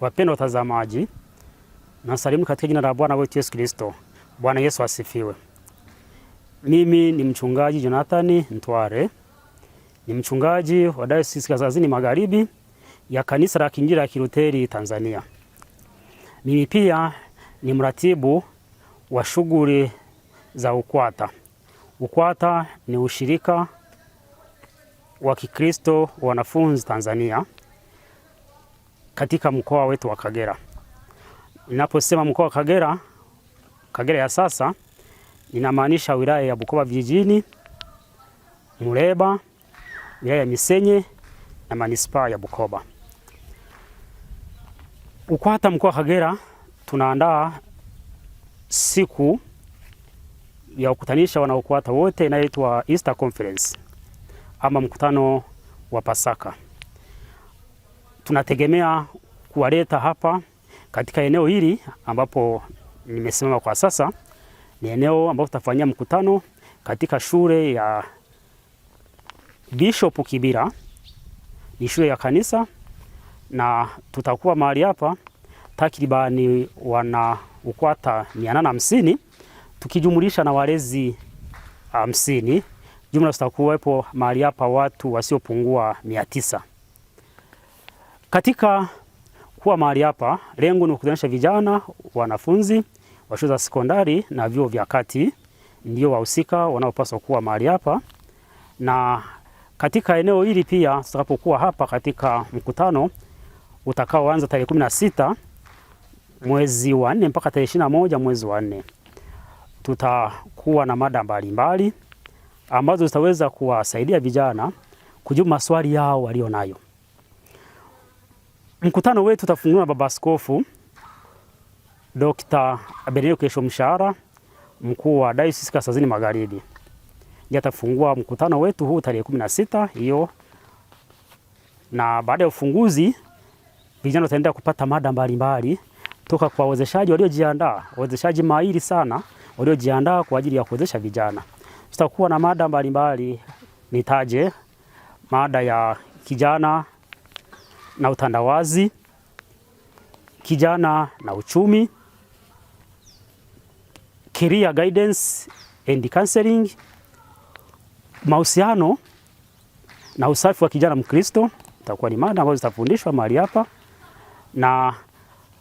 Wapendwa watazamaji, nasalimu katika jina la Bwana wetu Yesu Kristo. Bwana Yesu asifiwe. Mimi ni mchungaji Jonathan Ntware, ni mchungaji wa Dayosisi Kaskazini Magharibi ya Kanisa la Kiinjili la Kilutheri Tanzania. Mimi pia ni mratibu wa shughuli za UKWATA. UKWATA ni ushirika wa Kikristo wa wanafunzi Tanzania katika mkoa wetu wa Kagera. Ninaposema mkoa wa Kagera, Kagera ya sasa inamaanisha wilaya ya Bukoba vijijini, Muleba, wilaya ya Misenye na manispaa ya Bukoba. UKWATA mkoa wa Kagera tunaandaa siku ya kukutanisha wana wote inayoitwa Easter Conference ama mkutano wa Pasaka tunategemea kuwaleta hapa katika eneo hili ambapo nimesimama kwa sasa. Ni eneo ambapo tutafanyia mkutano katika shule ya Bishop Kibira, ni shule ya kanisa, na tutakuwa mahali hapa takribani wana ukwata 850 tukijumulisha na walezi hamsini. Jumla tutakuwepo mahali hapa watu wasiopungua mia tisa. Katika kuwa mahali hapa, lengo ni kukutanisha vijana, wanafunzi wa shule za sekondari na vyuo vya kati, ndio wahusika wanaopaswa kuwa mahali hapa. Na katika eneo hili pia tutakapokuwa hapa katika mkutano utakaoanza tarehe sita mwezi wa nne mpaka tarehe moja mwezi wa nne tutakuwa na mada mbalimbali ambazo zitaweza kuwasaidia vijana kujibu maswali yao walionayo. Mkutano wetu utafunguliwa na Baba Askofu Dr. Benedikto Kesho Mshahara, mkuu wa Dayosisi Kaskazini Magharibi. Ndiye atafungua mkutano wetu huu tarehe 16 hiyo, na baada ya ufunguzi vijana wataenda kupata mada mbalimbali toka kwa wawezeshaji waliojiandaa, wawezeshaji mahiri sana waliojiandaa kwa ajili ya kuwezesha vijana. Tutakuwa na mada mbalimbali, nitaje mada ya kijana na utandawazi, kijana na uchumi, career guidance and counseling, mahusiano na usafi wa kijana Mkristo. Itakuwa ni mada ambazo zitafundishwa mahali hapa, na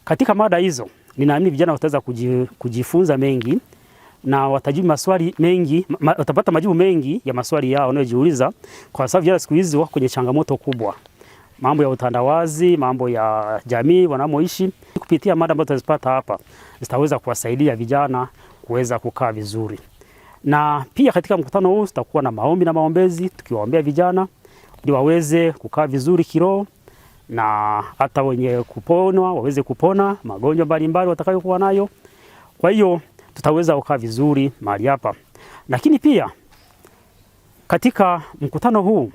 katika mada hizo ninaamini vijana wataweza kujifunza mengi na watajibu maswali mengi, ma, watapata majibu mengi ya maswali yao wanayojiuliza, kwa sababu vijana siku hizi wako kwenye changamoto kubwa mambo ya utandawazi, mambo ya jamii wanamoishi. Kupitia mada ambazo tunazipata hapa zitaweza kuwasaidia vijana kuweza kukaa vizuri, na pia katika mkutano huu tutakuwa na maombi na maombezi, tukiwaombea vijana ili waweze kukaa vizuri kiroho na hata wenye kuponwa waweze kupona magonjwa mbalimbali watakayokuwa nayo. Kwa hiyo tutaweza kukaa vizuri mahali hapa, lakini pia katika mkutano huu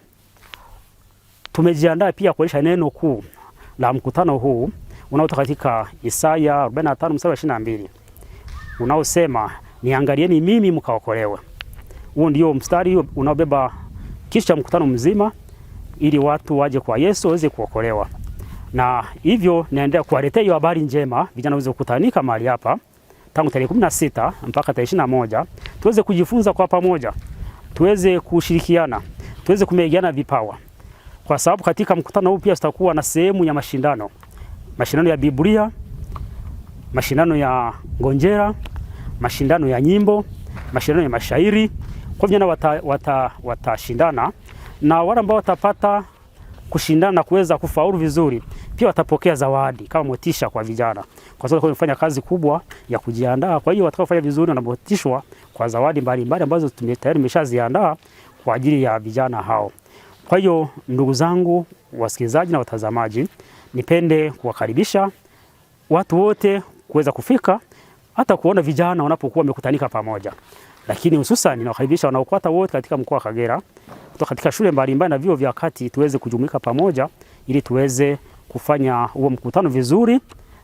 Tumejiandaa pia kuonesha neno kuu la mkutano huu unaotoka katika Isaya 45 mstari 22 unaosema niangalieni mimi mkaokolewe. Huo ndio mstari unaobeba kichwa cha mkutano mzima, ili watu waje kwa Yesu waweze kuokolewa. Na hivyo naendelea kuwaletea hiyo habari njema, vijana waweze kukutanika mahali hapa tangu tarehe 16 mpaka tarehe 21, tuweze kujifunza kwa pamoja, tuweze kushirikiana, tuweze kumegiana vipawa kwa sababu katika mkutano huu pia tutakuwa na sehemu ya mashindano, mashindano ya Biblia, mashindano ya ngonjera, mashindano ya nyimbo, mashindano ya mashairi. Kwa vijana watashindana wata, wata na wale ambao watapata kushindana na kuweza kufaulu vizuri pia watapokea zawadi kama motisha kwa vijana, kwa sababu wamefanya kazi kubwa ya kujiandaa. Kwa hiyo watakaofanya vizuri wanamotishwa kwa zawadi mbalimbali ambazo tayari tumeshaziandaa kwa ajili ya vijana hao. Kwa hiyo ndugu zangu wasikilizaji na watazamaji, nipende kuwakaribisha watu wote kuweza kufika, hata kuona vijana wanapokuwa wamekutanika pamoja, lakini hususan ninawakaribisha wanaokwata wote katika mkoa wa Kagera kutoka katika shule mbalimbali na vyuo vya kati tuweze kujumuika pamoja ili tuweze kufanya huo mkutano vizuri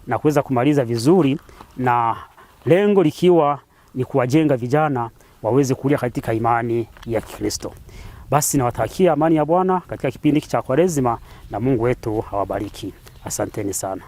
na kuweza kumaliza vizuri, na lengo likiwa ni kuwajenga vijana waweze kulia katika imani ya Kikristo. Basi nawatakia amani ya Bwana katika kipindi cha Kwaresima na Mungu wetu hawabariki. Asanteni sana.